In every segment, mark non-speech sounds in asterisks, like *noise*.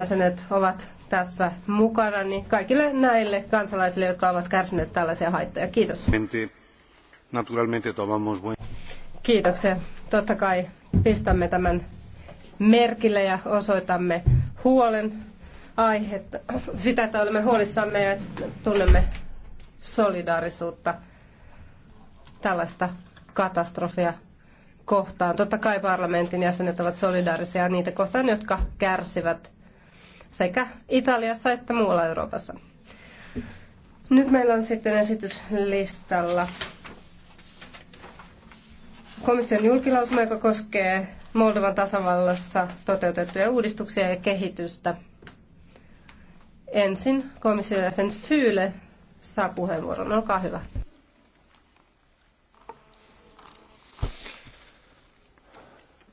jäsenet ovat tässä mukana, niin kaikille näille kansalaisille, jotka ovat kärsineet tällaisia haittoja. Kiitos. Kiitoksia. Totta kai pistämme tämän merkille ja osoitamme huolen aihetta, sitä, että olemme huolissamme ja tunnemme solidaarisuutta tällaista katastrofia kohtaan. Totta kai parlamentin jäsenet ovat solidaarisia niitä kohtaan, jotka kärsivät sekä Italiassa että muualla Euroopassa. Nyt meillä on sitten esityslistalla komission julkilausuma, joka koskee Moldovan tasavallassa toteutettuja uudistuksia ja kehitystä. Ensin komission jäsen Fyyle saa puheenvuoron. Olkaa hyvä.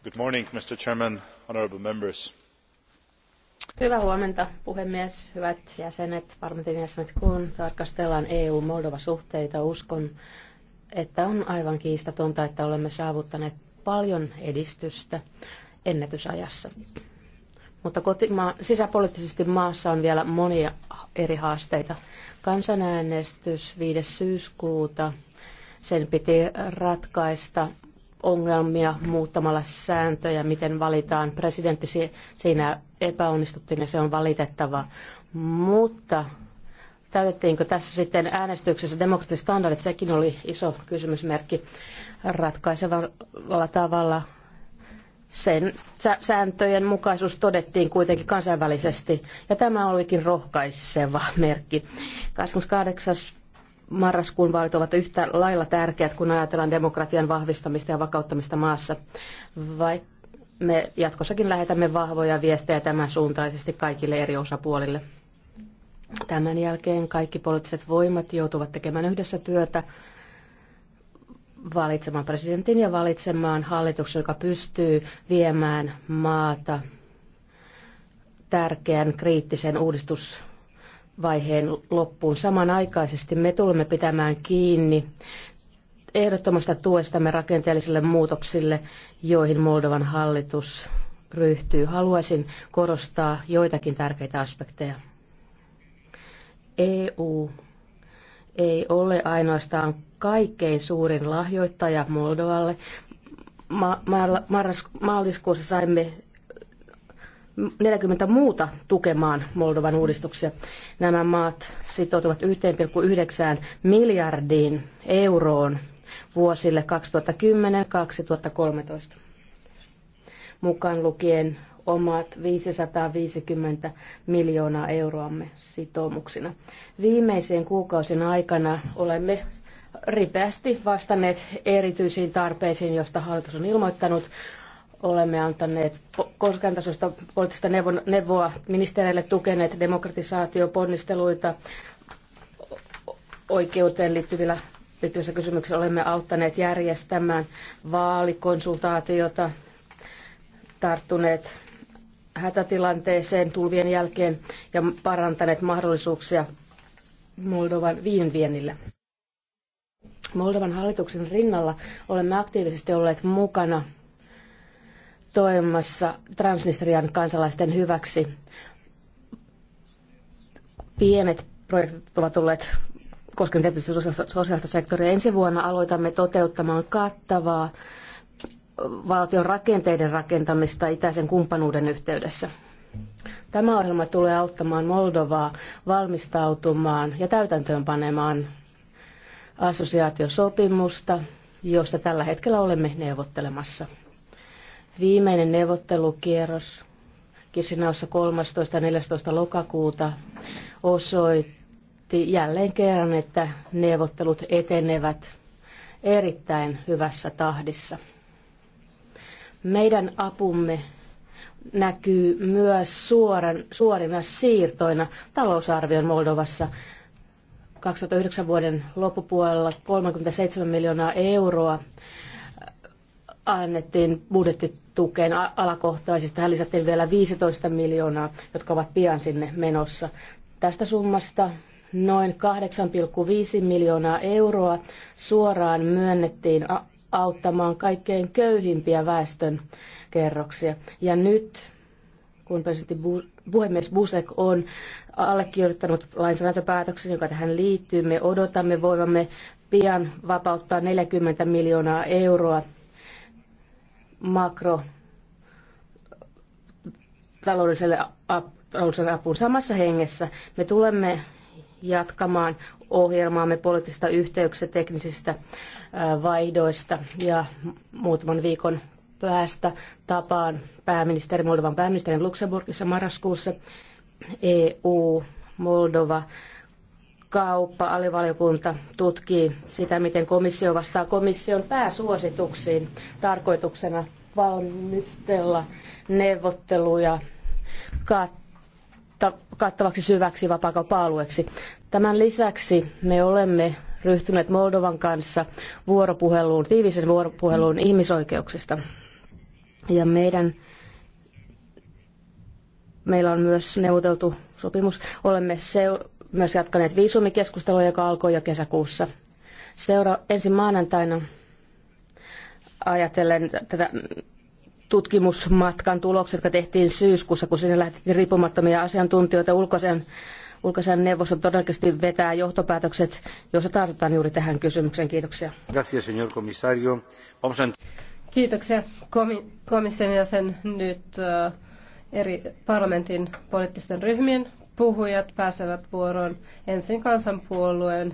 Good morning, Mr. Chairman, honorable members. Hyvää huomenta, puhemies, hyvät jäsenet, parlamentin jäsenet. Kun tarkastellaan EU-Moldova-suhteita, uskon, että on aivan kiistatonta, että olemme saavuttaneet paljon edistystä ennätysajassa. Mutta kotima- sisäpoliittisesti maassa on vielä monia eri haasteita. Kansanäänestys 5. syyskuuta, sen piti ratkaista ongelmia muuttamalla sääntöjä, miten valitaan presidentti. Siinä epäonnistuttiin ja se on valitettava. Mutta täytettiinkö tässä sitten äänestyksessä demokratiset standardit, sekin oli iso kysymysmerkki ratkaisevalla tavalla. Sen sääntöjen mukaisuus todettiin kuitenkin kansainvälisesti, ja tämä olikin rohkaiseva merkki. 28 marraskuun vaalit ovat yhtä lailla tärkeät, kun ajatellaan demokratian vahvistamista ja vakauttamista maassa. Vai me jatkossakin lähetämme vahvoja viestejä tämän suuntaisesti kaikille eri osapuolille. Tämän jälkeen kaikki poliittiset voimat joutuvat tekemään yhdessä työtä valitsemaan presidentin ja valitsemaan hallituksen, joka pystyy viemään maata tärkeän kriittisen uudistus vaiheen loppuun. Samanaikaisesti me tulemme pitämään kiinni ehdottomasta tuestamme rakenteellisille muutoksille, joihin Moldovan hallitus ryhtyy. Haluaisin korostaa joitakin tärkeitä aspekteja. EU ei ole ainoastaan kaikkein suurin lahjoittaja Moldovalle. Ma- ma- ma- maaliskuussa saimme 40 muuta tukemaan Moldovan uudistuksia. Nämä maat sitoutuvat 1,9 miljardiin euroon vuosille 2010-2013, mukaan lukien omat 550 miljoonaa euroamme sitoumuksina. Viimeisien kuukausien aikana olemme ripeästi vastanneet erityisiin tarpeisiin, joista hallitus on ilmoittanut Olemme antaneet korkean tasoista poliittista neuvoa ministereille, tukeneet demokratisaatioponnisteluita oikeuteen liittyvillä liittyvissä kysymyksissä. Olemme auttaneet järjestämään vaalikonsultaatiota, tarttuneet hätätilanteeseen tulvien jälkeen ja parantaneet mahdollisuuksia Moldovan viinviennille. Moldovan hallituksen rinnalla olemme aktiivisesti olleet mukana toimimassa Transnistrian kansalaisten hyväksi. Pienet projektit ovat tulleet koskevat tietysti sosiaalista sektoria. Ensi vuonna aloitamme toteuttamaan kattavaa valtion rakenteiden rakentamista itäisen kumppanuuden yhteydessä. Tämä ohjelma tulee auttamaan Moldovaa valmistautumaan ja täytäntöönpanemaan assosiaatiosopimusta, josta tällä hetkellä olemme neuvottelemassa. Viimeinen neuvottelukierros kisinaossa 13. 14. lokakuuta osoitti jälleen kerran, että neuvottelut etenevät erittäin hyvässä tahdissa. Meidän apumme näkyy myös suoran, suorina siirtoina talousarvion Moldovassa. 2009 vuoden loppupuolella 37 miljoonaa euroa annettiin budjetti tukeen alakohtaisista. Tähän lisättiin vielä 15 miljoonaa, jotka ovat pian sinne menossa. Tästä summasta noin 8,5 miljoonaa euroa suoraan myönnettiin auttamaan kaikkein köyhimpiä väestön kerroksia. Ja nyt, kun presidentti puhemies Busek on allekirjoittanut lainsäädäntöpäätöksen, joka tähän liittyy, me odotamme voivamme pian vapauttaa 40 miljoonaa euroa makro taloudelliselle, ap, taloudelliselle apuun samassa hengessä. Me tulemme jatkamaan ohjelmaamme poliittisista yhteyksistä, teknisistä vaihdoista ja muutaman viikon päästä tapaan pääministeri, Moldovan pääministerin Luxemburgissa marraskuussa EU, Moldova, kauppa-alivaliokunta tutkii sitä, miten komissio vastaa komission pääsuosituksiin tarkoituksena valmistella neuvotteluja katta, kattavaksi syväksi vapaakauppa-alueeksi. Tämän lisäksi me olemme ryhtyneet Moldovan kanssa vuoropuheluun, tiivisen vuoropuheluun ihmisoikeuksista. Ja meidän meillä on myös neuvoteltu sopimus. Olemme seur- myös jatkaneet viisumikeskustelua, joka alkoi jo kesäkuussa. Seura- ensin maanantaina ajatellen tätä tutkimusmatkan tulokset, jotka tehtiin syyskuussa, kun sinne lähetettiin riippumattomia asiantuntijoita ulkoisen ulkoisen neuvoston todennäköisesti vetää johtopäätökset, joissa tartutaan juuri tähän kysymykseen. Kiitoksia. Kiitoksia komission jäsen nyt äh, eri parlamentin poliittisten ryhmien puhujat pääsevät vuoroon ensin kansanpuolueen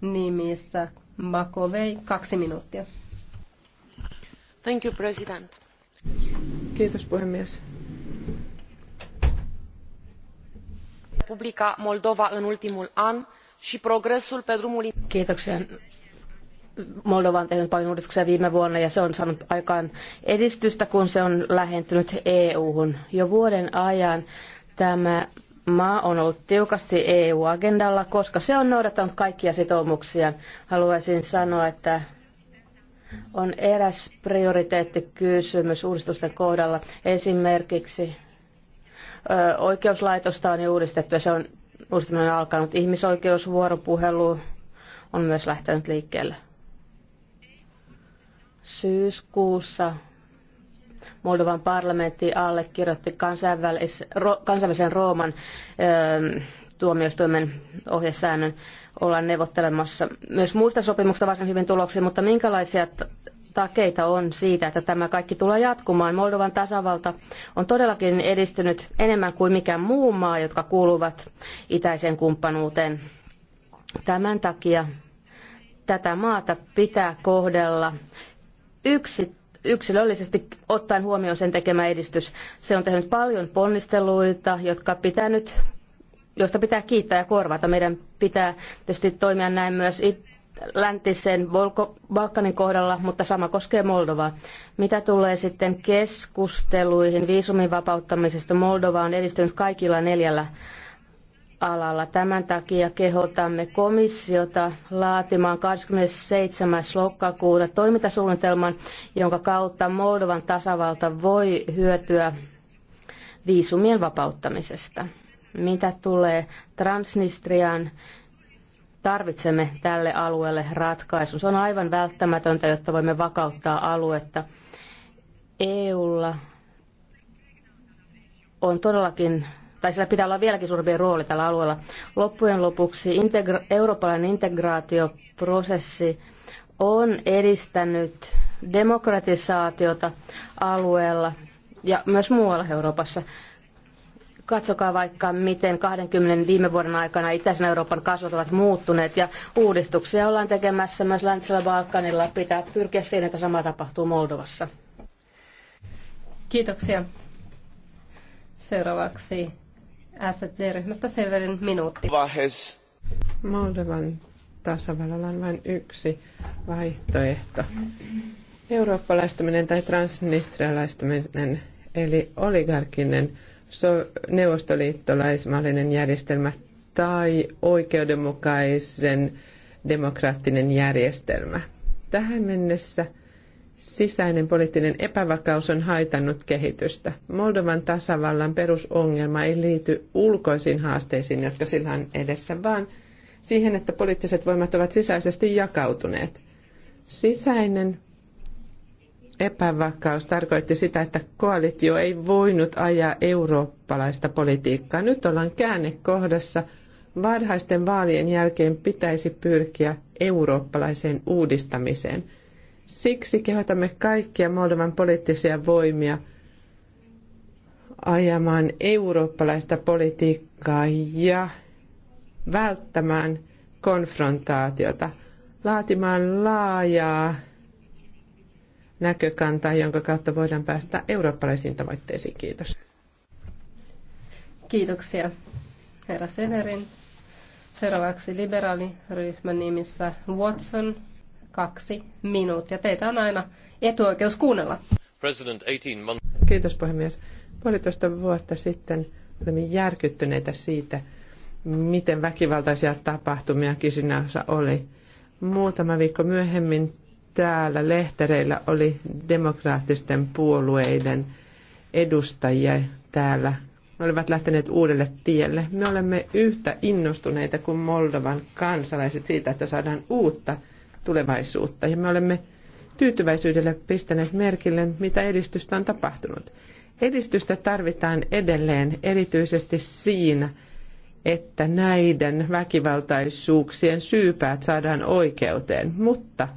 nimissä. Makovei, kaksi minuuttia. Thank you, President. Kiitos puhemies. Republica Moldova în ultimul an și progresul pe drumul... Kiitoksia. Moldova on tehnyt paljon uudistuksia viime vuonna ja se on saanut aikaan edistystä, kun se on lähentynyt EU-hun. Jo vuoden ajan tämä maa on ollut tiukasti EU-agendalla, koska se on noudattanut kaikkia sitoumuksia. Haluaisin sanoa, että on eräs prioriteettikysymys uudistusten kohdalla. Esimerkiksi ö, oikeuslaitosta on jo uudistettu ja se on uudistaminen on alkanut. Ihmisoikeusvuoropuhelu on myös lähtenyt liikkeelle. Syyskuussa Moldovan parlamentti allekirjoitti kansainvälis, ro, kansainvälisen Rooman ö, ähm, tuomioistuimen ohjesäännön olla neuvottelemassa myös muista sopimuksista varsin hyvin tuloksia, mutta minkälaisia takeita on siitä, että tämä kaikki tulee jatkumaan. Moldovan tasavalta on todellakin edistynyt enemmän kuin mikään muu maa, jotka kuuluvat itäiseen kumppanuuteen. Tämän takia tätä maata pitää kohdella yksi yksilöllisesti ottaen huomioon sen tekemä edistys. Se on tehnyt paljon ponnisteluita, jotka pitää nyt, joista pitää kiittää ja korvata. Meidän pitää tietysti toimia näin myös läntisen Balkanin kohdalla, mutta sama koskee Moldovaa. Mitä tulee sitten keskusteluihin viisumin vapauttamisesta, Moldova on edistynyt kaikilla neljällä alalla. Tämän takia kehotamme komissiota laatimaan 27. lokakuuta toimintasuunnitelman, jonka kautta Moldovan tasavalta voi hyötyä viisumien vapauttamisesta. Mitä tulee Transnistriaan, tarvitsemme tälle alueelle ratkaisun. Se on aivan välttämätöntä, jotta voimme vakauttaa aluetta. EUlla on todellakin tai sillä pitää olla vieläkin suurempi rooli tällä alueella. Loppujen lopuksi integra- eurooppalainen integraatioprosessi on edistänyt demokratisaatiota alueella ja myös muualla Euroopassa. Katsokaa vaikka, miten 20 viime vuoden aikana itäisen Euroopan kasvot ovat muuttuneet ja uudistuksia ollaan tekemässä myös Läntisellä Balkanilla. Pitää pyrkiä siihen, että sama tapahtuu Moldovassa. Kiitoksia. Seuraavaksi SD-ryhmästä Severin minuutti. Vahes. Moldovan tasavallalla on vain yksi vaihtoehto. Eurooppalaistuminen tai transnistrialaistuminen, eli oligarkinen so- neuvostoliittolaismallinen järjestelmä tai oikeudenmukaisen demokraattinen järjestelmä. Tähän mennessä – sisäinen poliittinen epävakaus on haitannut kehitystä. Moldovan tasavallan perusongelma ei liity ulkoisiin haasteisiin, jotka sillä on edessä, vaan siihen, että poliittiset voimat ovat sisäisesti jakautuneet. Sisäinen epävakaus tarkoitti sitä, että koalitio ei voinut ajaa eurooppalaista politiikkaa. Nyt ollaan käännekohdassa. Varhaisten vaalien jälkeen pitäisi pyrkiä eurooppalaiseen uudistamiseen – Siksi kehotamme kaikkia Moldovan poliittisia voimia ajamaan eurooppalaista politiikkaa ja välttämään konfrontaatiota, laatimaan laajaa näkökantaa, jonka kautta voidaan päästä eurooppalaisiin tavoitteisiin. Kiitos. Kiitoksia, herra Severin. Seuraavaksi liberaaliryhmän nimissä Watson, kaksi minuuttia. Teitä on aina etuoikeus kuunnella. Kiitos puhemies. Puolitoista vuotta sitten olimme järkyttyneitä siitä, miten väkivaltaisia tapahtumia Kisinässä oli. Muutama viikko myöhemmin täällä lehtereillä oli demokraattisten puolueiden edustajia täällä. Ne olivat lähteneet uudelle tielle. Me olemme yhtä innostuneita kuin Moldovan kansalaiset siitä, että saadaan uutta tulevaisuutta ja me olemme tyytyväisyydellä pistäneet merkille, mitä edistystä on tapahtunut. Edistystä tarvitaan edelleen erityisesti siinä, että näiden väkivaltaisuuksien syypäät saadaan oikeuteen, mutta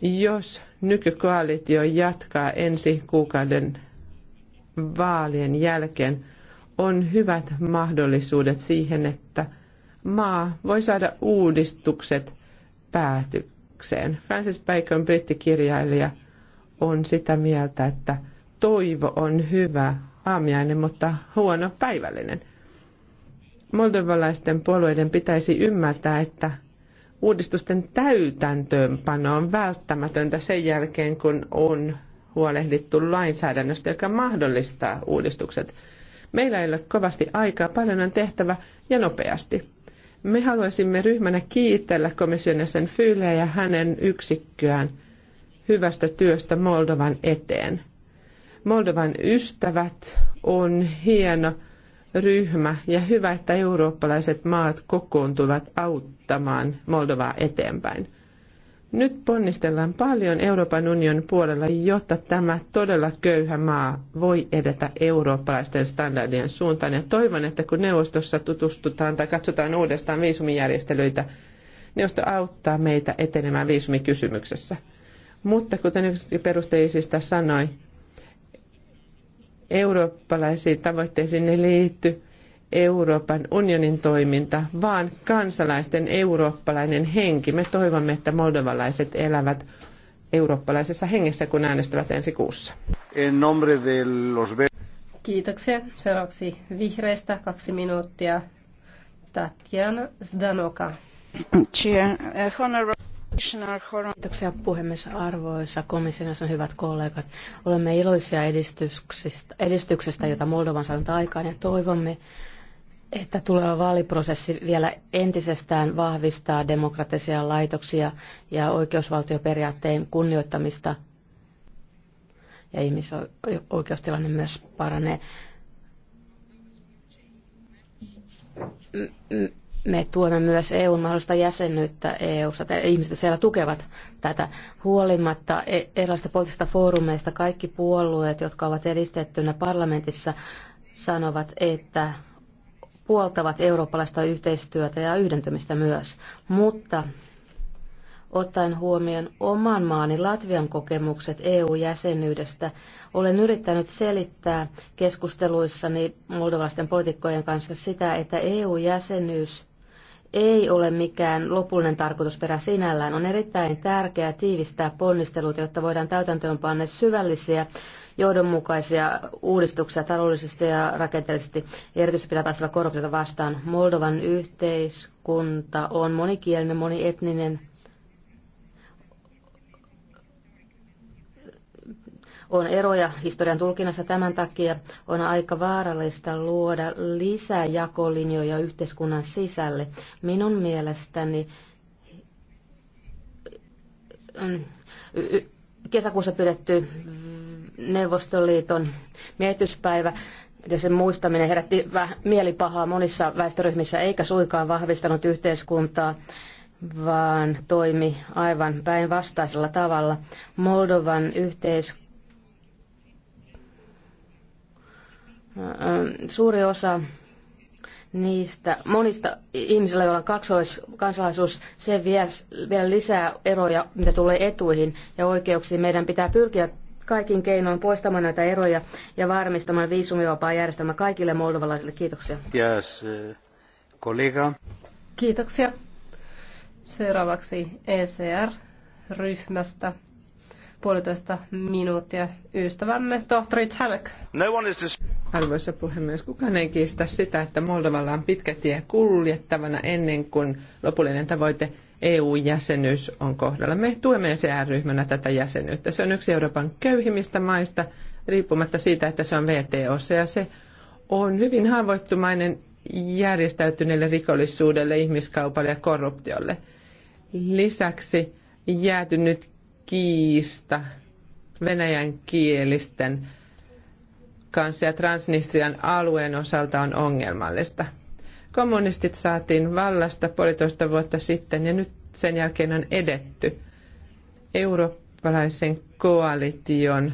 jos nykykoalitio jatkaa ensi kuukauden vaalien jälkeen, on hyvät mahdollisuudet siihen, että maa voi saada uudistukset päätykseen. Francis Bacon, brittikirjailija, on sitä mieltä, että toivo on hyvä aamiainen, mutta huono päivällinen. Moldovalaisten puolueiden pitäisi ymmärtää, että uudistusten täytäntöönpano on välttämätöntä sen jälkeen, kun on huolehdittu lainsäädännöstä, joka mahdollistaa uudistukset. Meillä ei ole kovasti aikaa, paljon on tehtävä ja nopeasti. Me haluaisimme ryhmänä kiitellä komission sen Fyleä ja hänen yksikköään hyvästä työstä Moldovan eteen. Moldovan ystävät on hieno ryhmä ja hyvä, että eurooppalaiset maat kokoontuvat auttamaan Moldovaa eteenpäin. Nyt ponnistellaan paljon Euroopan unionin puolella, jotta tämä todella köyhä maa voi edetä eurooppalaisten standardien suuntaan. Ja toivon, että kun neuvostossa tutustutaan tai katsotaan uudestaan viisumijärjestelyitä, neuvosto auttaa meitä etenemään viisumikysymyksessä. Mutta kuten yksi perusteisista sanoi, eurooppalaisiin tavoitteisiin ei liitty Euroopan unionin toiminta, vaan kansalaisten eurooppalainen henki. Me toivomme, että moldovalaiset elävät eurooppalaisessa hengessä, kun äänestävät ensi kuussa. Kiitoksia. Seuraavaksi vihreistä kaksi minuuttia. Tatjana Zdanoka. Eh, Kiitoksia puhemies arvoisa komission ja hyvät kollegat. Olemme iloisia edistyksestä, edistyksestä jota Moldovan saanut aikaan ja toivomme, että tuleva vaaliprosessi vielä entisestään vahvistaa demokratisia laitoksia ja oikeusvaltioperiaatteen kunnioittamista ja ihmisoikeustilanne myös paranee. Me tuemme myös EUn mahdollista jäsenyyttä EUssa, että ihmiset siellä tukevat tätä. Huolimatta e- erilaisista poliittisista foorumeista kaikki puolueet, jotka ovat edistettynä parlamentissa, sanovat, että puoltavat eurooppalaista yhteistyötä ja yhdentymistä myös, mutta ottaen huomioon oman maani Latvian kokemukset EU-jäsenyydestä, olen yrittänyt selittää keskusteluissani moldovalaisten poliitikkojen kanssa sitä, että EU-jäsenyys ei ole mikään lopullinen tarkoitusperä sinällään. On erittäin tärkeää tiivistää ponnistelut, jotta voidaan täytäntöönpanna syvällisiä johdonmukaisia uudistuksia taloudellisesti ja rakenteellisesti. Erityisesti pitää taistella korruptiota vastaan. Moldovan yhteiskunta on monikielinen, monietninen. On eroja historian tulkinnassa tämän takia. On aika vaarallista luoda lisää jakolinjoja yhteiskunnan sisälle. Minun mielestäni mm, kesäkuussa pidetty Neuvostoliiton mietyspäivä ja sen muistaminen herätti mielipahaa monissa väestöryhmissä eikä suinkaan vahvistanut yhteiskuntaa, vaan toimi aivan päinvastaisella tavalla. Moldovan yhteis... Suuri osa niistä monista ihmisillä, joilla on kaksoiskansalaisuus, se vie vielä lisää eroja, mitä tulee etuihin ja oikeuksiin. Meidän pitää pyrkiä kaikin keinoin poistamaan näitä eroja ja varmistamaan viisumivapaa järjestelmä kaikille moldovalaisille. Kiitoksia. Yes, eh, kollega. Kiitoksia. Seuraavaksi ECR-ryhmästä puolitoista minuuttia ystävämme tohtori Tsanek. No one is Arvoisa puhemies, kukaan ei kiistä sitä, että Moldovalla on pitkä tie kuljettavana ennen kuin lopullinen tavoite EU-jäsenyys on kohdalla. Me tuemme ECR-ryhmänä tätä jäsenyyttä. Se on yksi Euroopan köyhimmistä maista, riippumatta siitä, että se on VTOssa ja se on hyvin haavoittumainen järjestäytyneelle rikollisuudelle, ihmiskaupalle ja korruptiolle. Lisäksi jäätynyt kiista venäjän kielisten kanssa ja Transnistrian alueen osalta on ongelmallista. Kommunistit saatiin vallasta puolitoista vuotta sitten ja nyt sen jälkeen on edetty eurooppalaisen koalition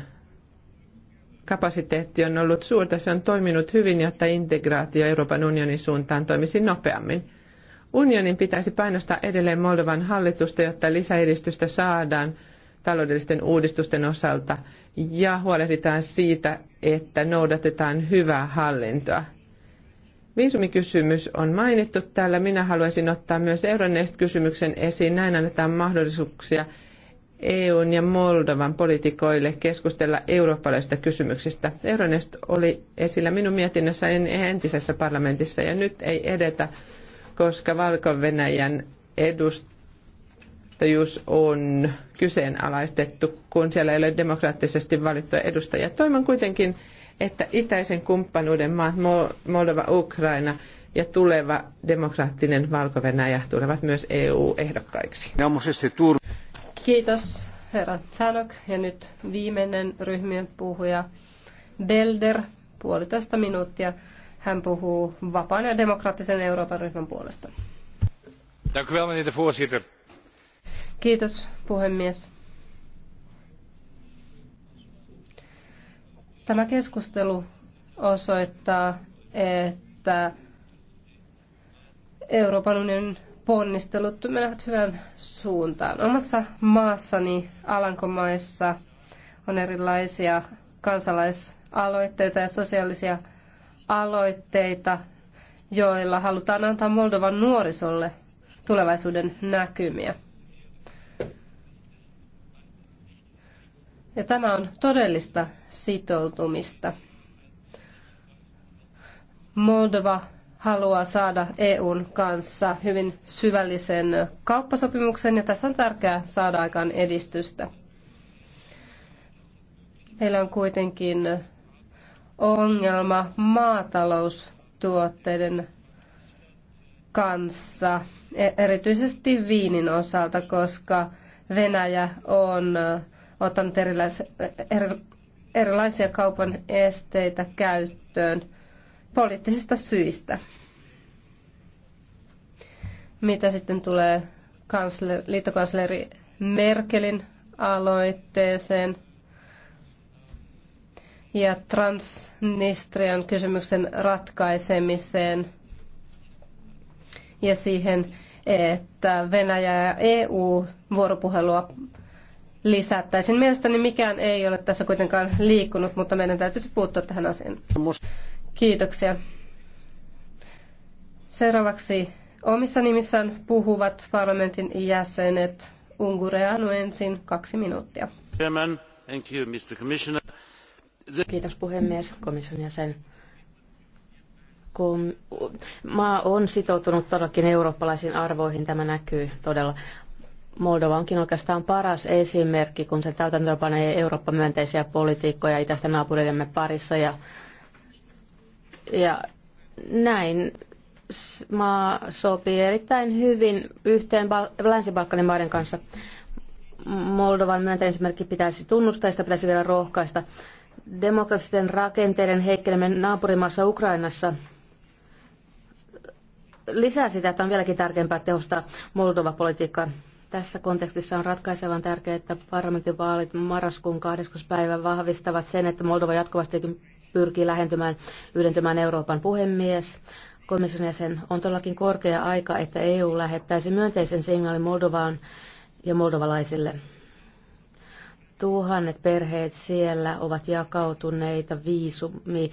kapasiteetti on ollut suurta. Se on toiminut hyvin, jotta integraatio Euroopan unionin suuntaan toimisi nopeammin. Unionin pitäisi painostaa edelleen Moldovan hallitusta, jotta lisäedistystä saadaan taloudellisten uudistusten osalta ja huolehditaan siitä, että noudatetaan hyvää hallintoa. Viisumikysymys on mainittu täällä. Minä haluaisin ottaa myös Euronest-kysymyksen esiin. Näin annetaan mahdollisuuksia EUn ja Moldovan poliitikoille keskustella eurooppalaisista kysymyksistä. Euronest oli esillä minun mietinnössäni entisessä parlamentissa ja nyt ei edetä, koska Valko-Venäjän edustajat puheenjohtajuus on kyseenalaistettu, kun siellä ei ole demokraattisesti valittuja edustajia. Toivon kuitenkin, että itäisen kumppanuuden maat, Moldova, Ukraina ja tuleva demokraattinen valko tulevat myös EU-ehdokkaiksi. Kiitos herra Tsalok. Ja nyt viimeinen ryhmien puhuja, Belder, puolitoista minuuttia. Hän puhuu vapaan ja demokraattisen Euroopan ryhmän puolesta. Dank u wel, meneer de voorzitter. Kiitos puhemies. Tämä keskustelu osoittaa, että Euroopan unionin ponnistelut menevät hyvään suuntaan. Omassa maassani Alankomaissa on erilaisia kansalaisaloitteita ja sosiaalisia aloitteita, joilla halutaan antaa Moldovan nuorisolle tulevaisuuden näkymiä. Ja tämä on todellista sitoutumista. Moldova haluaa saada EUn kanssa hyvin syvällisen kauppasopimuksen ja tässä on tärkeää saada aikaan edistystä. Meillä on kuitenkin ongelma maataloustuotteiden kanssa, e- erityisesti viinin osalta, koska Venäjä on ottanut erilaisia kaupan esteitä käyttöön poliittisista syistä. Mitä sitten tulee kansler, liittokansleri Merkelin aloitteeseen ja Transnistrian kysymyksen ratkaisemiseen ja siihen, että Venäjä ja EU vuoropuhelua lisättäisiin. Mielestäni mikään ei ole tässä kuitenkaan liikkunut, mutta meidän täytyisi puuttua tähän asiaan. Kiitoksia. Seuraavaksi omissa nimissään puhuvat parlamentin jäsenet. Ungureanu ensin kaksi minuuttia. Kiitos puhemies, komission jäsen. Maa on sitoutunut todellakin eurooppalaisiin arvoihin, tämä näkyy todella. Moldova onkin oikeastaan paras esimerkki, kun se täytäntöönpanee Eurooppa-myönteisiä politiikkoja itästä naapureidemme parissa. Ja, ja näin maa sopii erittäin hyvin yhteen Länsi-Balkanin maiden kanssa. Moldovan myönteinen esimerkki pitäisi tunnustaa ja sitä pitäisi vielä rohkaista. Demokraattisten rakenteiden heikkeneminen naapurimaassa Ukrainassa lisää sitä, että on vieläkin tärkeämpää tehostaa Moldova-politiikkaa. Tässä kontekstissa on ratkaisevan tärkeää, että parlamentin vaalit marraskuun 20. päivä vahvistavat sen, että Moldova jatkuvasti pyrkii lähentymään yhdentymään Euroopan puhemies. Komission jäsen on todellakin korkea aika, että EU lähettäisi myönteisen signaalin Moldovaan ja moldovalaisille. Tuhannet perheet siellä ovat jakautuneita viisumi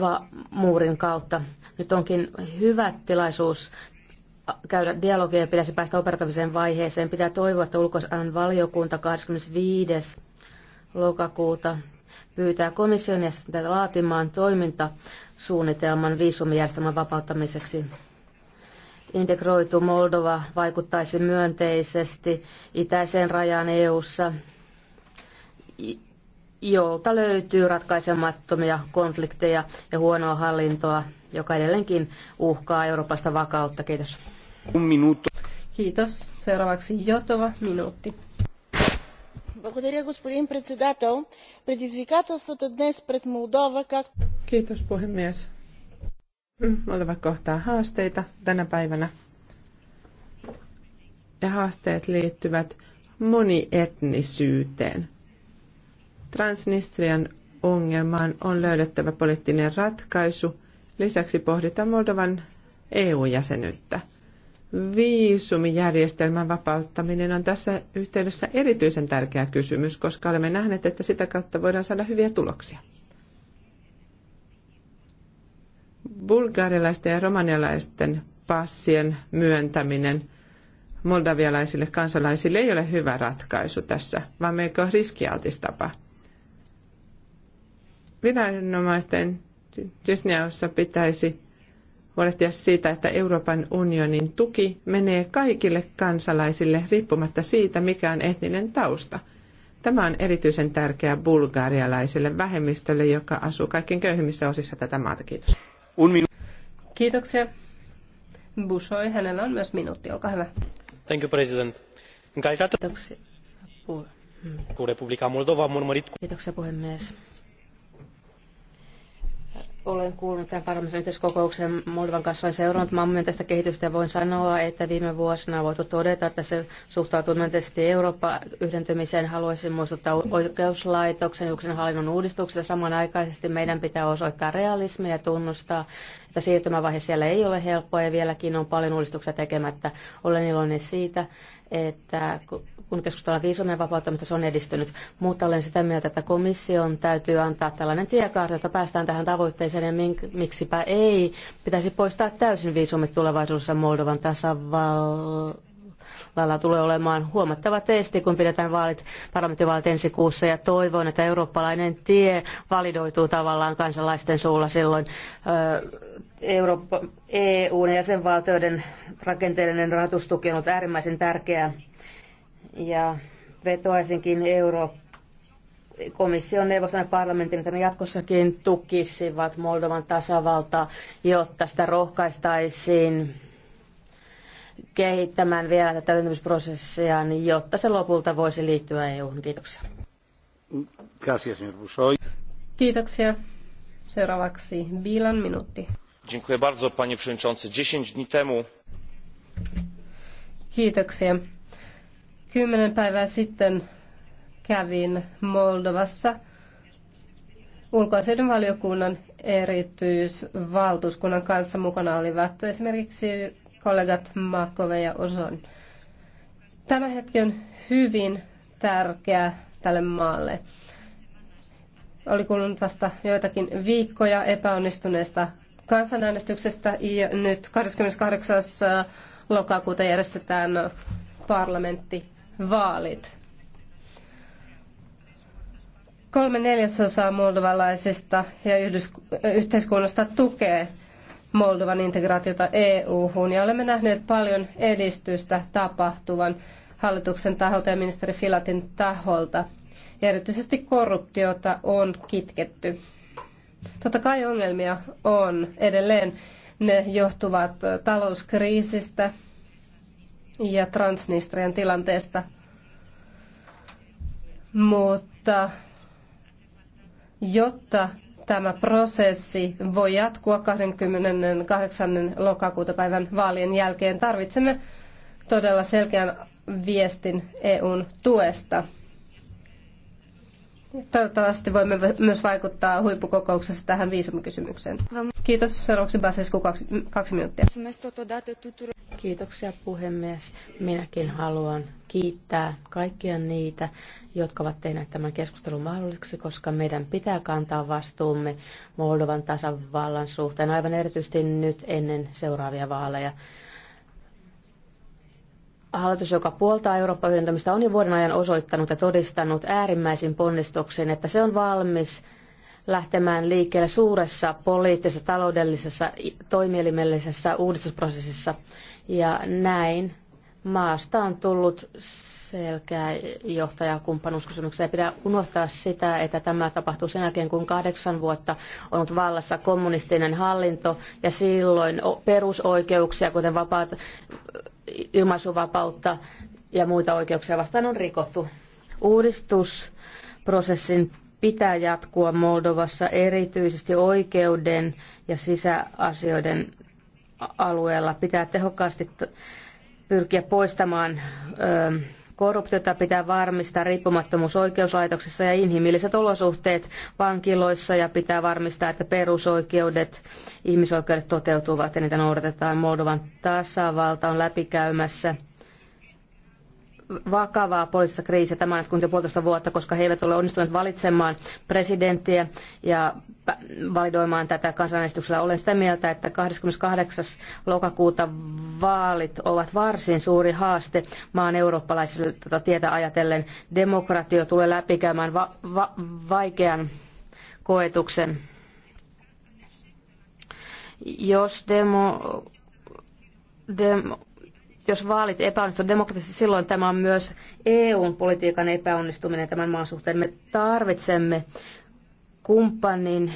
va- muurin kautta. Nyt onkin hyvä tilaisuus käydä dialogia ja pitäisi päästä operatiiviseen vaiheeseen. Pitää toivoa, että ulkoisen valiokunta 25. lokakuuta pyytää komission jäsentä laatimaan toimintasuunnitelman viisumijärjestelmän vapauttamiseksi. Integroitu Moldova vaikuttaisi myönteisesti itäiseen rajaan EU:ssa, jolta löytyy ratkaisemattomia konflikteja ja huonoa hallintoa, joka edelleenkin uhkaa Euroopasta vakautta. Kiitos. Kiitos. Seuraavaksi Jotova, minuutti. Благодаря, господин председател. Предизвикателствата днес пред Молдова, как... Kiitos, puhemies. Moldova kohtaa haasteita tänä päivänä. Ja haasteet liittyvät monietnisyyteen. Transnistrian ongelmaan on löydettävä poliittinen ratkaisu. Lisäksi pohditaan Moldovan EU-jäsenyyttä. Viisumijärjestelmän vapauttaminen on tässä yhteydessä erityisen tärkeä kysymys, koska olemme nähneet, että sitä kautta voidaan saada hyviä tuloksia. Bulgarialaisten ja romanialaisten passien myöntäminen moldavialaisille kansalaisille ei ole hyvä ratkaisu tässä, vaan meikö on tapa. Viranomaisten Chesniaussa pitäisi huolehtia siitä, että Euroopan unionin tuki menee kaikille kansalaisille riippumatta siitä, mikä on etninen tausta. Tämä on erityisen tärkeää bulgarialaiselle vähemmistölle, joka asuu kaikkein köyhimmissä osissa tätä maata. Kiitos. Kiitoksia. Bushoi, hänellä on myös minuutti, olkaa hyvä. Thank you, President. Kiitoksia. Republika Moldova on Kiitoksia puhemies. Olen kuullut tämän parlamentin yhteiskokouksen Moldovan kanssa olen seurannut tästä kehitystä ja voin sanoa, että viime vuosina on voitu todeta, että se suhtautuu myönteisesti Euroopan yhdentymiseen. Haluaisin muistuttaa oikeuslaitoksen julkisen hallinnon uudistuksesta. Samanaikaisesti meidän pitää osoittaa realismia ja tunnustaa, että siirtymävaihe siellä ei ole helppoa ja vieläkin on paljon uudistuksia tekemättä. Olen iloinen siitä, että kun keskustellaan viisumien vapauttamista, se on edistynyt. Mutta olen sitä mieltä, että komission täytyy antaa tällainen tiekartta, jotta päästään tähän tavoitteeseen ja mink- miksipä ei. Pitäisi poistaa täysin viisumit tulevaisuudessa Moldovan tasavallalla tulee olemaan huomattava testi, kun pidetään vaalit, parlamenttivaalit ensi kuussa ja toivon, että eurooppalainen tie validoituu tavallaan kansalaisten suulla silloin. Öö, Eurooppa, EUn ja jäsenvaltioiden rakenteellinen rahoitustuki on ollut äärimmäisen tärkeää ja vetoaisinkin Euroopan komission neuvoston ja parlamentin, että ne jatkossakin tukisivat Moldovan tasavaltaa, jotta sitä rohkaistaisiin kehittämään vielä tätä yhdistymisprosessia, niin jotta se lopulta voisi liittyä EU-hun. Kiitoksia. Kiitoksia. Seuraavaksi Bilan minuutti. Dziękuję bardzo, panie przewodniczący. 10 dni temu. Kiitoksia. Kymmenen päivää sitten kävin Moldovassa ulkoasioiden valiokunnan erityisvaltuuskunnan kanssa mukana olivat esimerkiksi kollegat Makove ja Oson. Tämä hetki on hyvin tärkeä tälle maalle. Oli kulunut vasta joitakin viikkoja epäonnistuneesta kansanäänestyksestä ja nyt 28. lokakuuta järjestetään parlamentti vaalit. Kolme neljäsosaa moldovalaisista ja yhteiskunnasta tukee Moldovan integraatiota EU-hun ja olemme nähneet paljon edistystä tapahtuvan hallituksen taholta ja ministeri Filatin taholta. Ja erityisesti korruptiota on kitketty. Totta kai ongelmia on edelleen. Ne johtuvat talouskriisistä, ja Transnistrian tilanteesta. Mutta jotta tämä prosessi voi jatkua 28. lokakuuta päivän vaalien jälkeen, tarvitsemme todella selkeän viestin EUn tuesta. Toivottavasti voimme myös vaikuttaa huippukokouksessa tähän viisumikysymykseen. Kiitos. Seuraavaksi Basescu kaksi, kaksi minuuttia. Kiitoksia puhemies. Minäkin haluan kiittää kaikkia niitä, jotka ovat tehneet tämän keskustelun mahdolliseksi, koska meidän pitää kantaa vastuumme Moldovan tasavallan suhteen, aivan erityisesti nyt ennen seuraavia vaaleja. Hallitus, joka puoltaa Euroopan yhdentämistä, on jo vuoden ajan osoittanut ja todistanut äärimmäisin ponnistuksen, että se on valmis lähtemään liikkeelle suuressa poliittisessa, taloudellisessa, toimielimellisessä uudistusprosessissa. Ja näin maasta on tullut selkeä johtaja kumppanuuskysymyksessä. Ei pidä unohtaa sitä, että tämä tapahtuu sen jälkeen, kun kahdeksan vuotta on ollut vallassa kommunistinen hallinto ja silloin perusoikeuksia, kuten vapaat ilmaisuvapautta ja muita oikeuksia vastaan on rikottu. Uudistusprosessin pitää jatkua Moldovassa erityisesti oikeuden ja sisäasioiden alueella. Pitää tehokkaasti pyrkiä poistamaan ö, Korruptiota pitää varmistaa riippumattomuus oikeuslaitoksessa ja inhimilliset olosuhteet vankiloissa ja pitää varmistaa, että perusoikeudet, ihmisoikeudet toteutuvat ja niitä noudatetaan. Moldovan tasavalta on läpikäymässä vakavaa poliittista kriisiä tämän kun jo puolitoista vuotta, koska he eivät ole onnistuneet valitsemaan presidenttiä ja validoimaan tätä kansanäänestyksellä. Olen sitä mieltä, että 28. lokakuuta vaalit ovat varsin suuri haaste maan eurooppalaisille tätä tietä ajatellen. Demokratio tulee läpikäymään va- va- vaikean koetuksen. Jos demo, demo, jos vaalit epäonnistuvat demokraattisesti, silloin tämä on myös EU:n politiikan epäonnistuminen tämän maan suhteen. Me tarvitsemme kumppanin,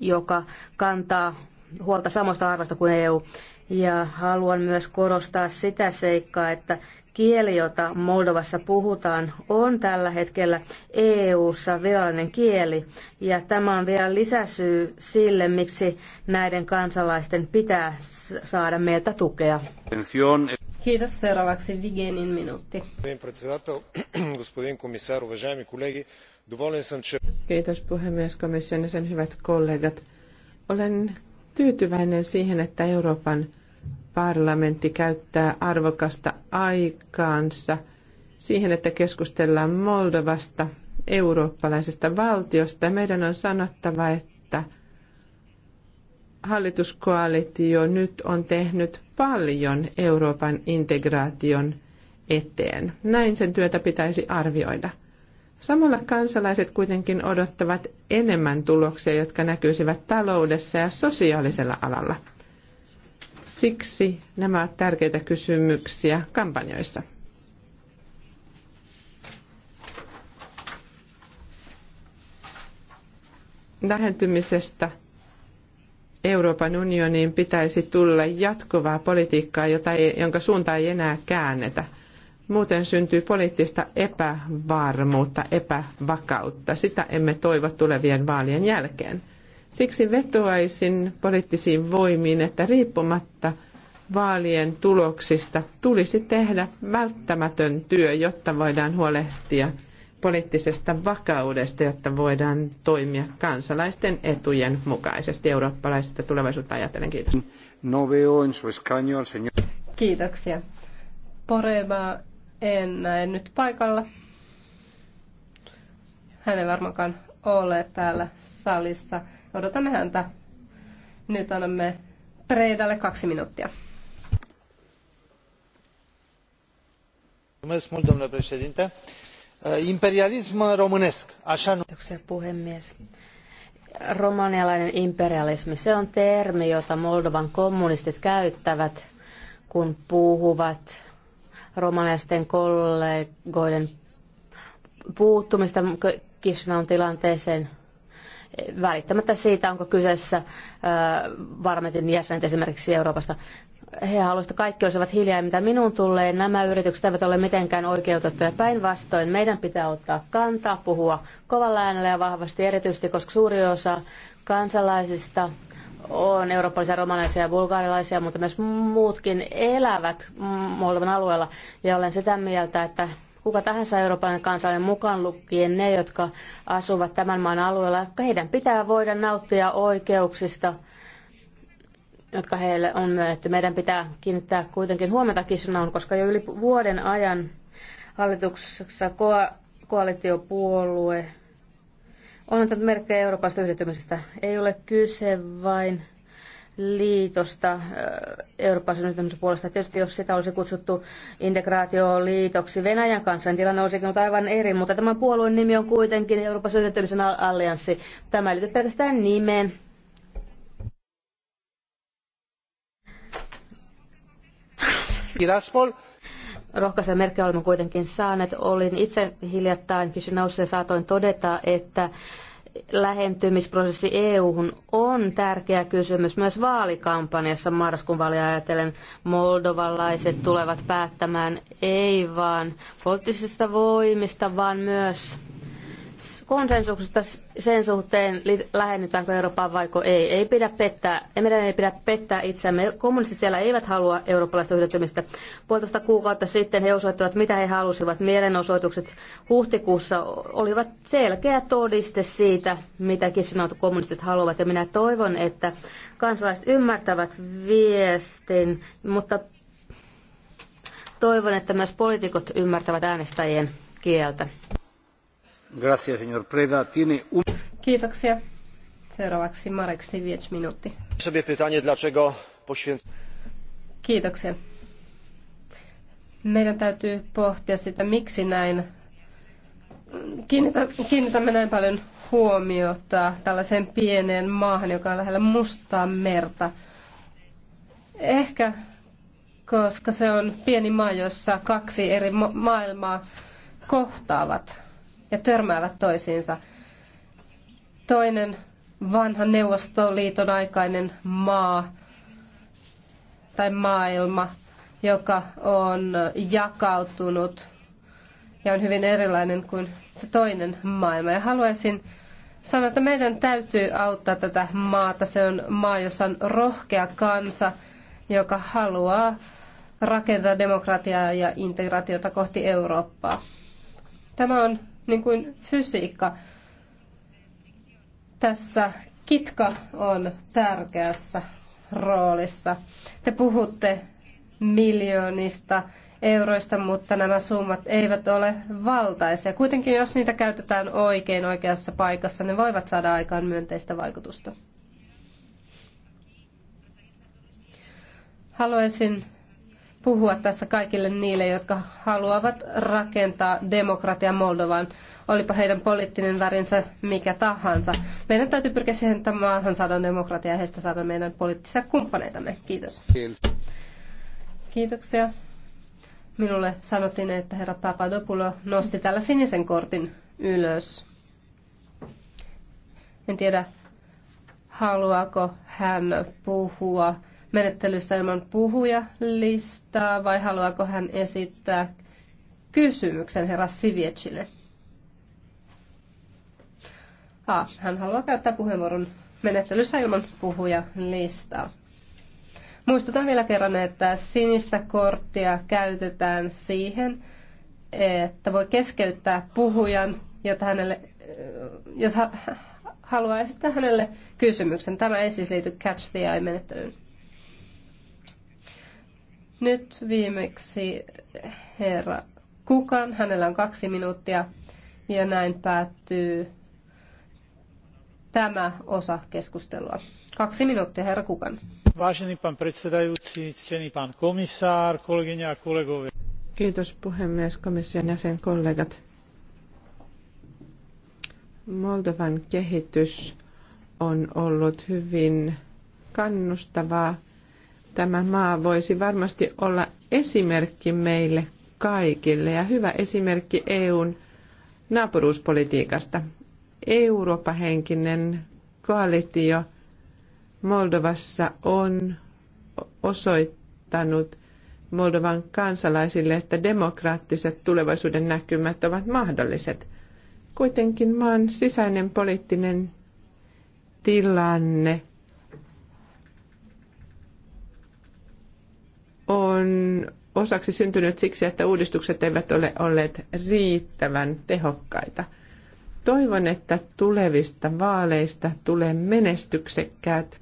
joka kantaa huolta samoista arvoista kuin EU. Ja haluan myös korostaa sitä seikkaa, että Kieli, jota Moldovassa puhutaan, on tällä hetkellä EU-ssa virallinen kieli, ja tämä on vielä lisäsyy sille, miksi näiden kansalaisten pitää saada meiltä tukea. Kiitos. Seuraavaksi Vigenin minuutti. *clears throat* Kiitos puhemies komission ja sen hyvät kollegat. Olen tyytyväinen siihen, että Euroopan parlamentti käyttää arvokasta aikaansa siihen, että keskustellaan Moldovasta, eurooppalaisesta valtiosta. Meidän on sanottava, että hallituskoalitio nyt on tehnyt paljon Euroopan integraation eteen. Näin sen työtä pitäisi arvioida. Samalla kansalaiset kuitenkin odottavat enemmän tuloksia, jotka näkyisivät taloudessa ja sosiaalisella alalla. Siksi nämä ovat tärkeitä kysymyksiä kampanjoissa. Lähentymisestä Euroopan unioniin pitäisi tulla jatkuvaa politiikkaa, jota ei, jonka suunta ei enää käännetä. Muuten syntyy poliittista epävarmuutta, epävakautta. Sitä emme toivo tulevien vaalien jälkeen. Siksi vetoaisin poliittisiin voimiin, että riippumatta vaalien tuloksista tulisi tehdä välttämätön työ, jotta voidaan huolehtia poliittisesta vakaudesta, jotta voidaan toimia kansalaisten etujen mukaisesti eurooppalaisesta tulevaisuutta ajatellen. Kiitos. No Kiitoksia. Poreba en näe nyt paikalla. Hän ei varmaankaan ole täällä salissa. Odotamme häntä. Nyt annamme Preedalle kaksi minuuttia. domnule președinte eh, imperialism românesc așa puhemies romanialainen imperialismi se on termi jota moldovan kommunistit käyttävät kun puhuvat romanialaisten kollegoiden puuttumista Kisnaun tilanteeseen välittämättä siitä, onko kyseessä varmentin jäsenet esimerkiksi Euroopasta. He haluaisivat, että kaikki olisivat hiljaa, mitä minun tulee. Nämä yritykset eivät ole mitenkään oikeutettuja. Päinvastoin meidän pitää ottaa kantaa, puhua kovalla äänellä ja vahvasti, erityisesti koska suuri osa kansalaisista on eurooppalaisia, romanilaisia ja bulgaarilaisia, mutta myös muutkin elävät Moldovan alueella. Ja olen sitä mieltä, että kuka tahansa Euroopan kansalainen mukaan lukien ne, jotka asuvat tämän maan alueella, heidän pitää voida nauttia oikeuksista, jotka heille on myönnetty. Meidän pitää kiinnittää kuitenkin huomiota Kisnaun, koska jo yli vuoden ajan hallituksessa ko- koalitiopuolue on antanut merkkejä Euroopasta yhdistymisestä. Ei ole kyse vain liitosta Euroopan yhteisön puolesta. Tietysti jos sitä olisi kutsuttu integraatioliitoksi Venäjän kanssa, niin tilanne olisi ollut aivan eri, mutta tämän puolueen nimi on kuitenkin Euroopan yhteisön allianssi. Tämä liittyy pelkästään nimeen. Tiraspol Rohkaisen merkkejä olemme kuitenkin saaneet. Olin itse hiljattain kysynnäussa ja saatoin todeta, että lähentymisprosessi EU-hun on tärkeä kysymys myös vaalikampanjassa marraskuun vaalia ajatellen. Moldovalaiset tulevat päättämään ei vain poliittisista voimista, vaan myös konsensuksesta sen suhteen, lähennytäänkö Eurooppaan vaiko ei. ei pidä pettää, meidän ei pidä pettää itseämme. Kommunistit siellä eivät halua eurooppalaista yhdistymistä. Puolitoista kuukautta sitten he osoittivat, mitä he halusivat. Mielenosoitukset huhtikuussa olivat selkeä todiste siitä, mitä kissinautu kommunistit haluavat. Ja minä toivon, että kansalaiset ymmärtävät viestin, mutta toivon, että myös poliitikot ymmärtävät äänestäjien kieltä. Kiitoksia. Seuraavaksi Marek minuutti. Sobie pytanie, dlaczego Kiitoksia. Meidän täytyy pohtia sitä, miksi näin kiinnitämme näin paljon huomiota tällaiseen pieneen maahan, joka on lähellä Mustaa merta. Ehkä koska se on pieni maa, jossa kaksi eri ma- maailmaa kohtaavat ja törmäävät toisiinsa. Toinen vanha Neuvostoliiton aikainen maa tai maailma, joka on jakautunut ja on hyvin erilainen kuin se toinen maailma. Ja haluaisin sanoa, että meidän täytyy auttaa tätä maata. Se on maa, jossa on rohkea kansa, joka haluaa rakentaa demokratiaa ja integraatiota kohti Eurooppaa. Tämä on niin kuin fysiikka. Tässä kitka on tärkeässä roolissa. Te puhutte miljoonista euroista, mutta nämä summat eivät ole valtaisia. Kuitenkin jos niitä käytetään oikein oikeassa paikassa, ne voivat saada aikaan myönteistä vaikutusta. Haluaisin puhua tässä kaikille niille, jotka haluavat rakentaa demokratia Moldovaan, olipa heidän poliittinen värinsä mikä tahansa. Meidän täytyy pyrkiä siihen, että maahan saadaan demokratia ja heistä saadaan meidän poliittisia kumppaneitamme. Kiitos. Kiitoksia. Minulle sanottiin, että herra Papadopulo nosti tällä sinisen kortin ylös. En tiedä, haluaako hän puhua menettelyssä ilman puhujalistaa vai haluaako hän esittää kysymyksen herra Sivietsille? Ah, hän haluaa käyttää puheenvuoron menettelyssä ilman puhujalistaa. Muistutan vielä kerran, että sinistä korttia käytetään siihen, että voi keskeyttää puhujan, jota hänelle, jos haluaa esittää hänelle kysymyksen. Tämä ei siis liity catch the eye-menettelyyn. Nyt viimeksi herra Kukan, hänellä on kaksi minuuttia ja näin päättyy tämä osa keskustelua. Kaksi minuuttia, herra Kukan. Vážený pan predsedajúci, cený pan komisár, kolegyňa a kolegovia. Kiitos puhemies, komission jäsen kollegat. Moldovan kehitys on ollut hyvin kannustavaa tämä maa voisi varmasti olla esimerkki meille kaikille ja hyvä esimerkki EUn naapuruuspolitiikasta. Eurooppa-henkinen koalitio Moldovassa on osoittanut Moldovan kansalaisille, että demokraattiset tulevaisuuden näkymät ovat mahdolliset. Kuitenkin maan sisäinen poliittinen tilanne on osaksi syntynyt siksi, että uudistukset eivät ole olleet riittävän tehokkaita. Toivon, että tulevista vaaleista tulee menestyksekkäät.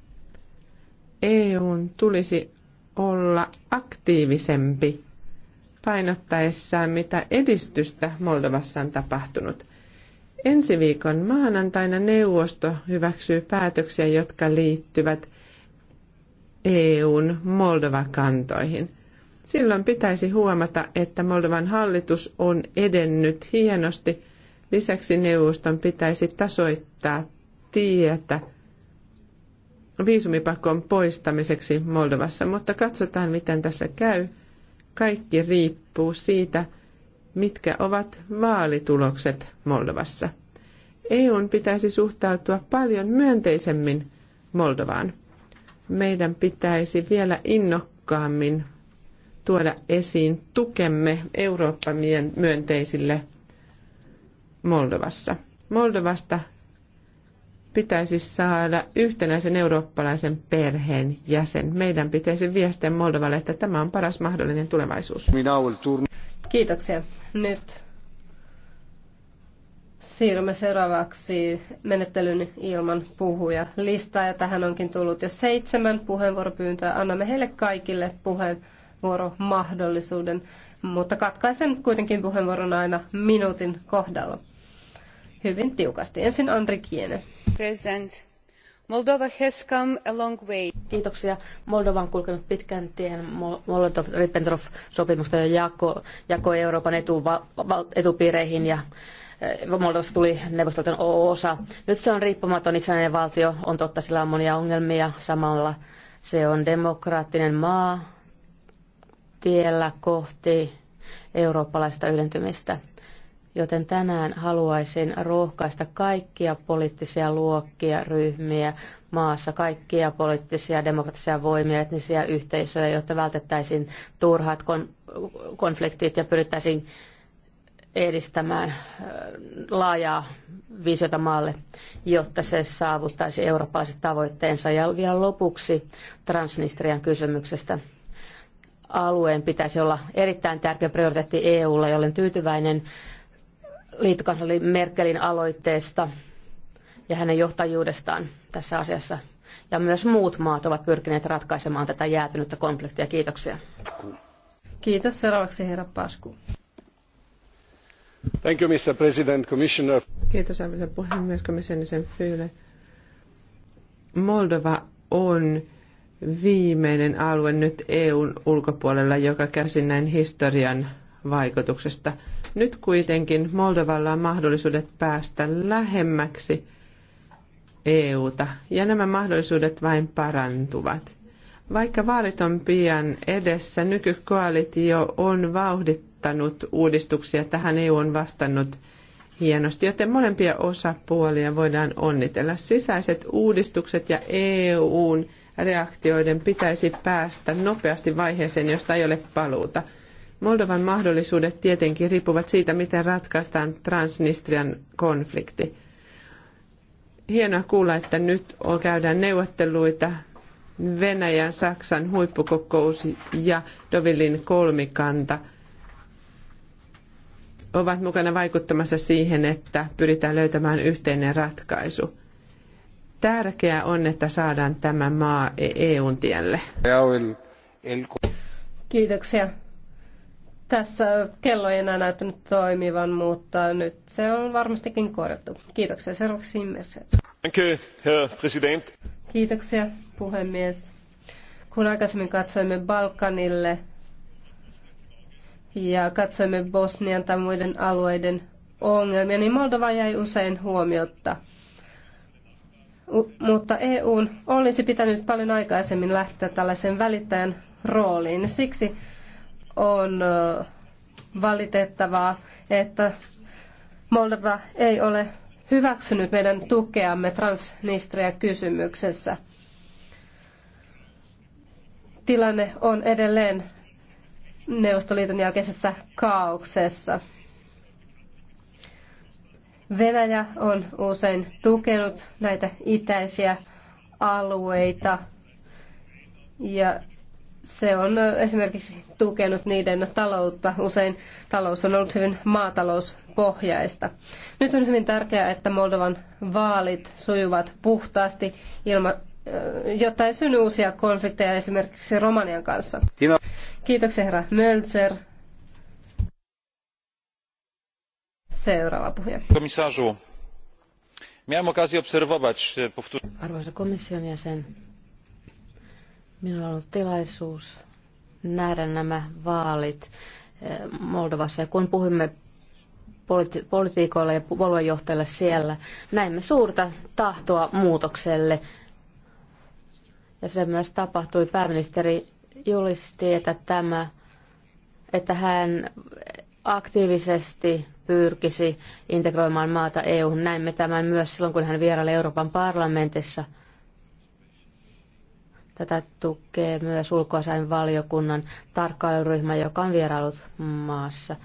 EUn tulisi olla aktiivisempi painottaessaan, mitä edistystä Moldovassa on tapahtunut. Ensi viikon maanantaina neuvosto hyväksyy päätöksiä, jotka liittyvät EUn Moldova-kantoihin. Silloin pitäisi huomata, että Moldovan hallitus on edennyt hienosti. Lisäksi neuvoston pitäisi tasoittaa tietä viisumipakon poistamiseksi Moldovassa, mutta katsotaan, miten tässä käy. Kaikki riippuu siitä, mitkä ovat vaalitulokset Moldovassa. EUn pitäisi suhtautua paljon myönteisemmin Moldovaan meidän pitäisi vielä innokkaammin tuoda esiin tukemme Eurooppa myönteisille Moldovassa. Moldovasta pitäisi saada yhtenäisen eurooppalaisen perheen jäsen. Meidän pitäisi viestiä Moldovalle, että tämä on paras mahdollinen tulevaisuus. Kiitoksia. Nyt Siirrymme seuraavaksi menettelyn ilman puhuja listaa ja tähän onkin tullut jo seitsemän puheenvuoropyyntöä. Annamme heille kaikille puheenvuoromahdollisuuden, mutta katkaisen kuitenkin puheenvuoron aina minuutin kohdalla. Hyvin tiukasti. Ensin Andri Kiene. President. Moldova has come a long way. Kiitoksia. Moldova on kulkenut pitkän tien Molotov-Ribbentrop-sopimusta ja jako, jako Euroopan etu, va, etupiireihin ja Äh, Moldovasta tuli neuvostoliiton osa. Nyt se on riippumaton itsenäinen valtio, on totta, sillä on monia ongelmia. Samalla se on demokraattinen maa tiellä kohti eurooppalaista yhdentymistä. Joten tänään haluaisin rohkaista kaikkia poliittisia luokkia, ryhmiä maassa, kaikkia poliittisia demokratisia voimia, etnisiä yhteisöjä, jotta vältettäisiin turhat konfliktit ja pyrittäisiin edistämään laajaa visiota maalle, jotta se saavuttaisi eurooppalaiset tavoitteensa. Ja vielä lopuksi Transnistrian kysymyksestä. Alueen pitäisi olla erittäin tärkeä prioriteetti EUlla, jolle tyytyväinen liittokansali Merkelin aloitteesta ja hänen johtajuudestaan tässä asiassa. Ja myös muut maat ovat pyrkineet ratkaisemaan tätä jäätynyttä konfliktia. Kiitoksia. Kiitos. Seuraavaksi herra Pasku. Kiitos arvoisa puhemies, jäsen fle Moldova on viimeinen alue nyt EUn ulkopuolella, joka käsin näin historian vaikutuksesta. Nyt kuitenkin Moldovalla on mahdollisuudet päästä lähemmäksi EUta, ja nämä mahdollisuudet vain parantuvat. Vaikka vaalit on pian edessä, nykykoalitio on vauhdittanut ehdottanut uudistuksia. Tähän EU on vastannut hienosti, joten molempia osapuolia voidaan onnitella. Sisäiset uudistukset ja EUn reaktioiden pitäisi päästä nopeasti vaiheeseen, josta ei ole paluuta. Moldovan mahdollisuudet tietenkin riippuvat siitä, miten ratkaistaan Transnistrian konflikti. Hienoa kuulla, että nyt on käydään neuvotteluita Venäjän, Saksan huippukokous ja Dovillin kolmikanta – ovat mukana vaikuttamassa siihen, että pyritään löytämään yhteinen ratkaisu. Tärkeää on, että saadaan tämä maa e- EUn tielle. Kiitoksia. Tässä kello ei enää näyttänyt toimivan, mutta nyt se on varmastikin korjattu. Kiitoksia. Seuraavaksi Immerset. Kiitoksia, puhemies. Kun aikaisemmin katsoimme Balkanille, ja katsoimme Bosnian tai muiden alueiden ongelmia, niin Moldova jäi usein huomiotta. U- mutta EUn olisi pitänyt paljon aikaisemmin lähteä tällaisen välittäjän rooliin. Siksi on valitettavaa, että Moldova ei ole hyväksynyt meidän tukeamme Transnistria kysymyksessä. Tilanne on edelleen Neuvostoliiton jälkeisessä kaauksessa. Venäjä on usein tukenut näitä itäisiä alueita ja se on esimerkiksi tukenut niiden taloutta. Usein talous on ollut hyvin maatalouspohjaista. Nyt on hyvin tärkeää, että Moldovan vaalit sujuvat puhtaasti ilman jotta ei synny uusia konflikteja esimerkiksi Romanian kanssa. Kiitoksia herra Mölzer. Seuraava puhuja. Komisarzu, miałem okazję obserwować... E, Arvoisa komission jäsen, minulla on ollut tilaisuus nähdä nämä vaalit e, Moldovassa. Ja kun puhumme politi- politiikoille ja puoluejohtajille siellä, näimme suurta tahtoa muutokselle – ja se myös tapahtui. Pääministeri julisti, että, tämä, että hän aktiivisesti pyrkisi integroimaan maata eu -hun. Näimme tämän myös silloin, kun hän vieraili Euroopan parlamentissa. Tätä tukee myös ulkoasain valiokunnan tarkkailuryhmä, joka on vierailut maassa.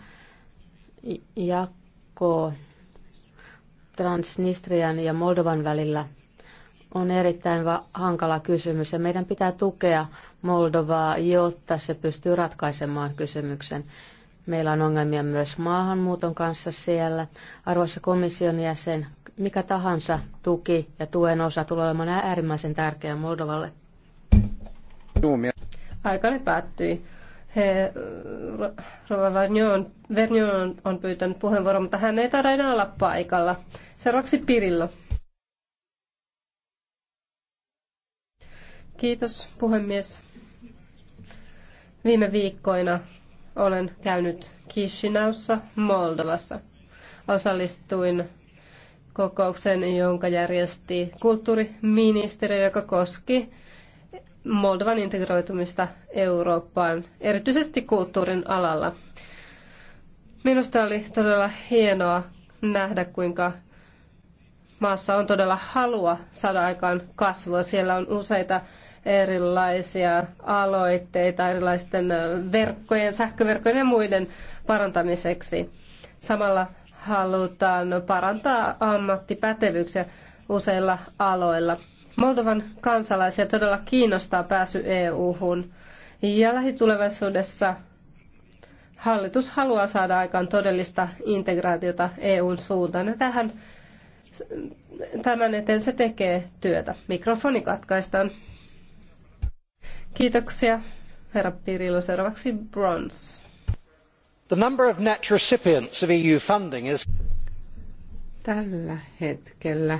Jakko Transnistrian ja Moldovan välillä – on erittäin hankala kysymys ja meidän pitää tukea Moldovaa, jotta se pystyy ratkaisemaan kysymyksen. Meillä on ongelmia myös maahanmuuton kanssa siellä. Arvoisa komission jäsen, mikä tahansa tuki ja tuen osa tulee olemaan äärimmäisen tärkeä Moldovalle. Aikani päättyi. He, Rova Vernion on pyytänyt puheenvuoron, mutta hän ei taida enää olla paikalla. Seuraavaksi Pirillo. Kiitos puhemies. Viime viikkoina olen käynyt Kishinaussa Moldovassa. Osallistuin kokouksen, jonka järjesti kulttuuriministeriö, joka koski Moldovan integroitumista Eurooppaan, erityisesti kulttuurin alalla. Minusta oli todella hienoa nähdä, kuinka maassa on todella halua saada aikaan kasvua. Siellä on useita erilaisia aloitteita erilaisten verkkojen, sähköverkkojen ja muiden parantamiseksi. Samalla halutaan parantaa ammattipätevyyksiä useilla aloilla. Moldovan kansalaisia todella kiinnostaa pääsy EU-hun. Ja lähitulevaisuudessa hallitus haluaa saada aikaan todellista integraatiota EUn suuntaan. Ja tähän, tämän eteen se tekee työtä. Mikrofoni katkaistaan. Kiitoksia. Herra Pirilo, seuraavaksi Bronze. The number of net recipients of EU funding is... Tällä hetkellä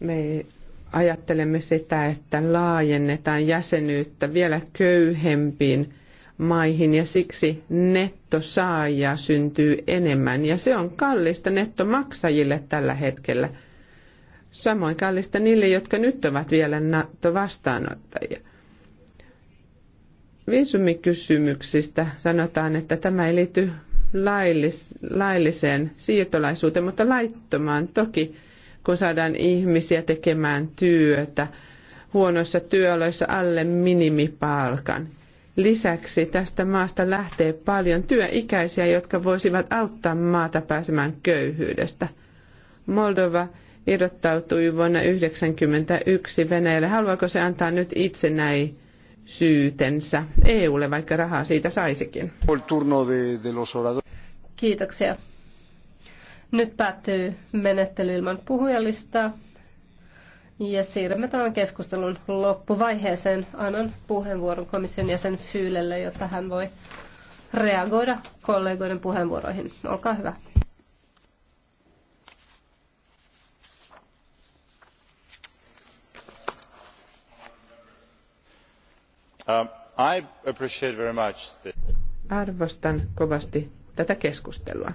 me ajattelemme sitä, että laajennetaan jäsenyyttä vielä köyhempiin maihin ja siksi nettosaajia syntyy enemmän ja se on kallista nettomaksajille tällä hetkellä. Samoin kallista niille, jotka nyt ovat vielä NATO-vastaanottajia. Viisumikysymyksistä sanotaan, että tämä ei liity laillis, lailliseen siirtolaisuuteen, mutta laittomaan toki, kun saadaan ihmisiä tekemään työtä huonoissa työoloissa alle minimipalkan. Lisäksi tästä maasta lähtee paljon työikäisiä, jotka voisivat auttaa maata pääsemään köyhyydestä. Moldova irrottautui vuonna 1991 Venäjälle. Haluaako se antaa nyt itsenäisyyden? syytensä EUlle, vaikka rahaa siitä saisikin. Kiitoksia. Nyt päättyy menettely ilman puhujalistaa. Ja siirrymme tämän keskustelun loppuvaiheeseen. Annan puheenvuoron komission jäsen Fyylelle, jotta hän voi reagoida kollegoiden puheenvuoroihin. Olkaa hyvä. Um, Arvostan kovasti tätä keskustelua.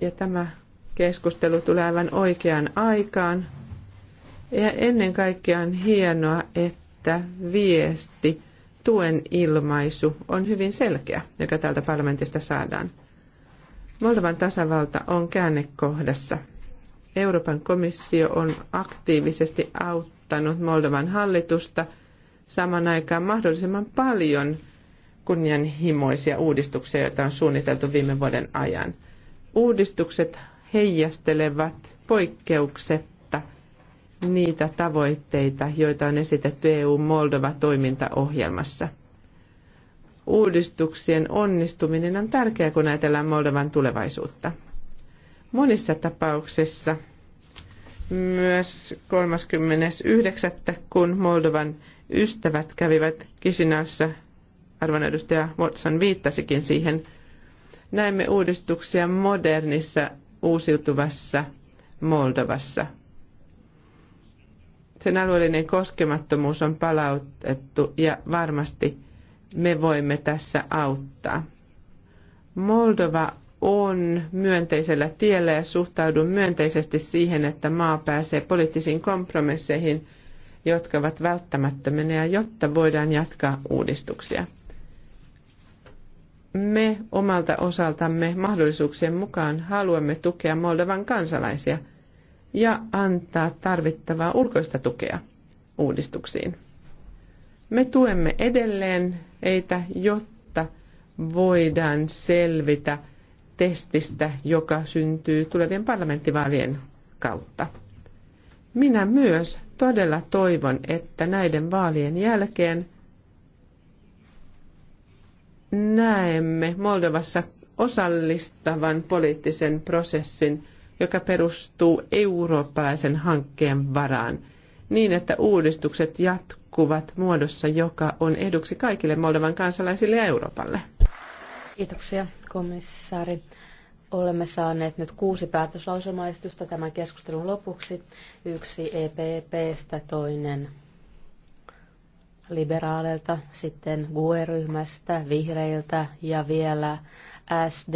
Ja tämä keskustelu tulee aivan oikeaan aikaan. Ja ennen kaikkea on hienoa, että viesti, tuen ilmaisu on hyvin selkeä, joka täältä parlamentista saadaan. Moldovan tasavalta on käännekohdassa. Euroopan komissio on aktiivisesti auttanut Moldovan hallitusta – saman aikaan mahdollisimman paljon kunnianhimoisia uudistuksia, joita on suunniteltu viime vuoden ajan. Uudistukset heijastelevat poikkeuksetta niitä tavoitteita, joita on esitetty EU-Moldova-toimintaohjelmassa. Uudistuksien onnistuminen on tärkeää, kun ajatellaan Moldovan tulevaisuutta. Monissa tapauksissa myös 39. kun Moldovan ystävät kävivät Kisinässä, arvon edustaja Watson viittasikin siihen, näemme uudistuksia modernissa uusiutuvassa Moldovassa. Sen alueellinen koskemattomuus on palautettu ja varmasti me voimme tässä auttaa. Moldova on myönteisellä tiellä ja suhtaudun myönteisesti siihen, että maa pääsee poliittisiin kompromisseihin – jotka ovat välttämättömiä, jotta voidaan jatkaa uudistuksia. Me omalta osaltamme mahdollisuuksien mukaan haluamme tukea Moldovan kansalaisia ja antaa tarvittavaa ulkoista tukea uudistuksiin. Me tuemme edelleen heitä, jotta voidaan selvitä testistä, joka syntyy tulevien parlamenttivaalien kautta. Minä myös todella toivon, että näiden vaalien jälkeen näemme Moldovassa osallistavan poliittisen prosessin, joka perustuu eurooppalaisen hankkeen varaan, niin että uudistukset jatkuvat muodossa, joka on eduksi kaikille Moldovan kansalaisille ja Euroopalle. Kiitoksia, komissaari. Olemme saaneet nyt kuusi päätöslauselmaistusta tämän keskustelun lopuksi. Yksi EPPstä, toinen liberaaleilta, sitten GUE-ryhmästä, vihreiltä ja vielä SD.